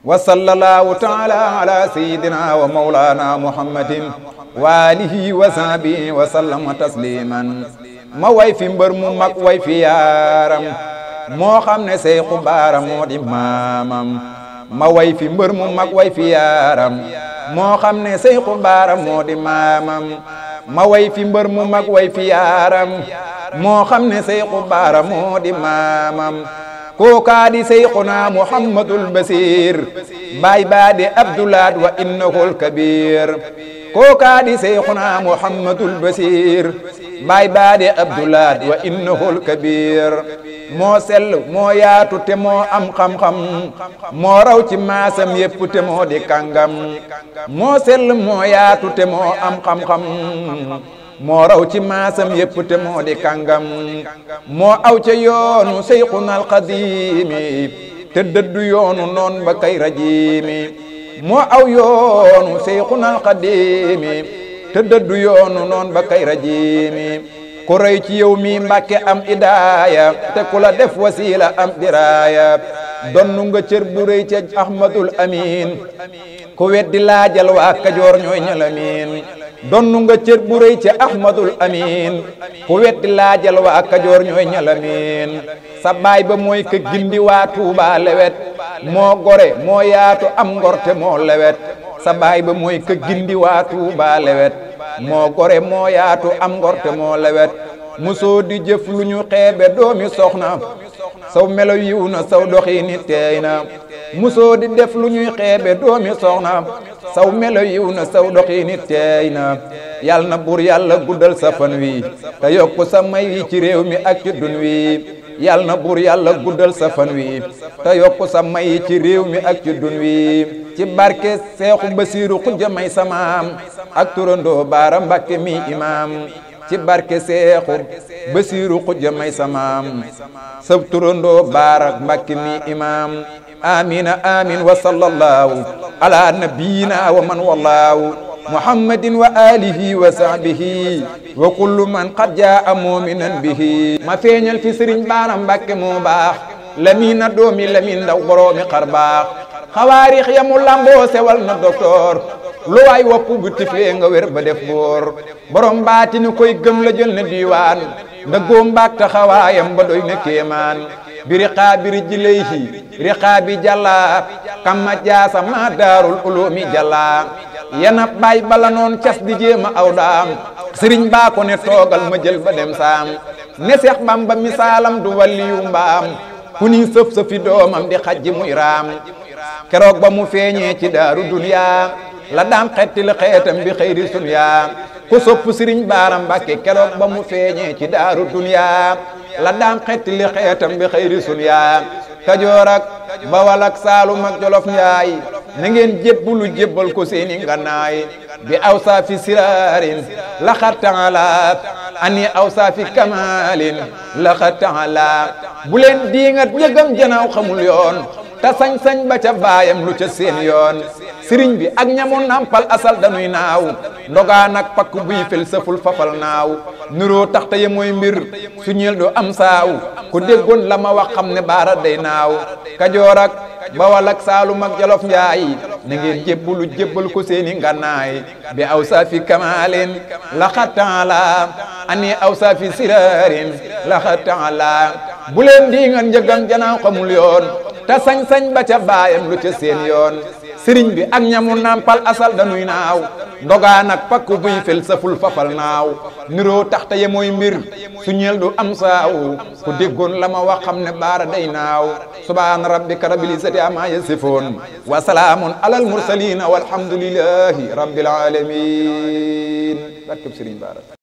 wa sallallahu taala ala sayyidina wa mawlana muhammadin wa alihi wa sahbihi wa tasliman ma way fi mbër mu mag way fi yaaram moo xam ne seyxu baara moo di maamam ma way fi mbër mu mag way fi yaaram moo xam ne seyxu baara moo di maamam ma way fi mbër mu mag way fi yaaram moo xam ne seyxu baara moo di maamam kookaa di seyxuna muhammadul basir baay baa di abdulaat wa innahul kabir kookaa di seyxuna muhammadul basir baay baa di abdulaat wa innahul kabir moo sell moo yaatu te moo am xam-xam moo raw ci maasam yépp te moo di kàngam moo sell moo yaatu te moo am xam-xam moo raw ci maasam yépp te moo di kàngam moo aw ca yoonu seyxunal xadiimi te dëddu yoonu noon ba kay rajiimi moo aw yoonu seyxunal xadiimi te dëddu yoonu noon ba kay rajiimi ku rëy ci yow mi mbàkke am idaaya te ku la def wasiila am diraaya donnu nga cër bu rëy ca ahmadul amin ku weddi laajal waa kajoor ñooy ñalamin donnu nga cër bu rëy ca ahmadul amin ku wetti laajal ak kajoor ñooy ñalamin sa baay ba mooy ka gindi waa tuuba lewet moo gore moo yaatu am ngorte moo lewet sa baay ba mooy ka gindi waa tuuba lewet moo gore moo yaatu am ngorte moo lewet musoo di jëf lu ñu xeebe doomi soxna saw melo yiw na saw doxi ni na musoo di def lu ñuy xeebe doomi soxna saw melo yiw na saw doxiini teey na yàlla na buur yàlla guddal sa fan wi te yokk sa may wi ci réew mi ak ci dun wi yàlla na buur yàlla guddal sa fan wi te yokk sa may yi ci réew mi ak ci dun wi ci barke seexu basiiru xujja may samaam ak turandoo baara mbàkke mi imaam ci barke seexu basiiru xujja may samaam sa turandoo baara mbàkke mi imaam amina amin wa sallallahu ala nabiyyina wa man wallahu muhammadin wa alihi wa sahbihi wa kullu man qad jaa muminan bihi ma feeñal fi sëriñ baara mbàkke mu baax lamina doomi lamin ndaw boroomi xar baax xawaarix ya mu lamboo sewal na docteur lu waay wopp bu tifee nga wér ba def boor borom baati ni koy gëm la jël na diiwaan dëggoo mbaak taxawaayam ba doy na kéemaan biri xaabiri jilayhi riqaabi jalla kamma jaasa ma daarul ulumi jalla yana baay bala noon cas di jéema aw daam sëriñ baa ko ne toogal ma jël ba dem saam ne seex bamba misaalam du waliyu mbaam ku ni sëf-sëfi doomam di xajji muy raam keroog ba mu feeñee ci daaru duniya la daan xetti la xeetam bi xëyri sunyaa ku feeñee ci daaru duniya la daan xetti kajoor ak bawal ak saalum jolof njaay na ngeen jébbalu jébbal ko seeni nganaay bi awsaafi siraarin laxat taala ani awsaafi kamaalin laxat taala bu diingat njëgam janaaw xamul yoon te sañ-sañ ba ca baayam lu ca seen yoon sëriñ bi ak ñamu nampal asal danuy naaw ndogaan ak pakk buy fel sëful fafal naaw nuroo tax te ye mbir su do am saaw ku déggoon la ma xam ne baara day naaw kajoor ak bawal ak saalum ak jolof njaay na ngeen jébbalu ko seeni ngànnaay bi aw saafi kamaalin laxat taala ani aw saafi siraarin laxat taala bu leen di ngan njëgang janaa xamul te sañ-sañ ba ca baayam lu ca seen yoon sëriñ bi ak ñamu nampal asal danuy naaw ndogaa nag pakku buy fel saful fafal naaw niroo tax te ye mbir su ñeel du ku déggoon la ma wax xam ne baara day naaw subhaana rabbika rabbil izzati ammaa yasifoon wa salaamun alal mursaliina walhamdulillahi rabbil aalamiin barkeb